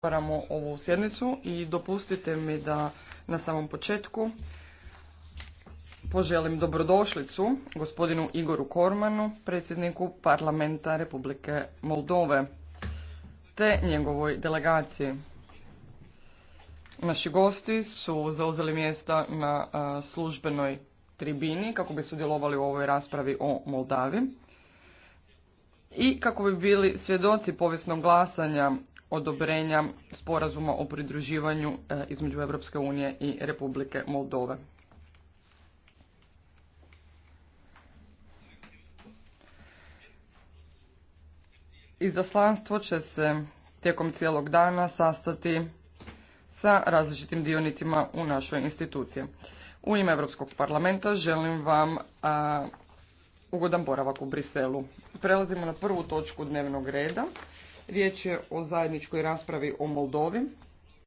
otvaramo ovu sjednicu i dopustite mi da na samom početku poželim dobrodošlicu gospodinu Igoru Kormanu, predsjedniku parlamenta Republike Moldove, te njegovoj delegaciji. Naši gosti su zauzeli mjesta na službenoj tribini kako bi sudjelovali u ovoj raspravi o Moldavi i kako bi bili svjedoci povijesnog glasanja odobrenja sporazuma o pridruživanju e, između Europske unije i Republike Moldove. Izaslanstvo će se tijekom cijelog dana sastati sa različitim dionicima u našoj instituciji. U ime Europskog parlamenta želim vam a, ugodan boravak u Briselu. Prelazimo na prvu točku dnevnog reda. Riječ je o zajedničkoj raspravi o Moldovi.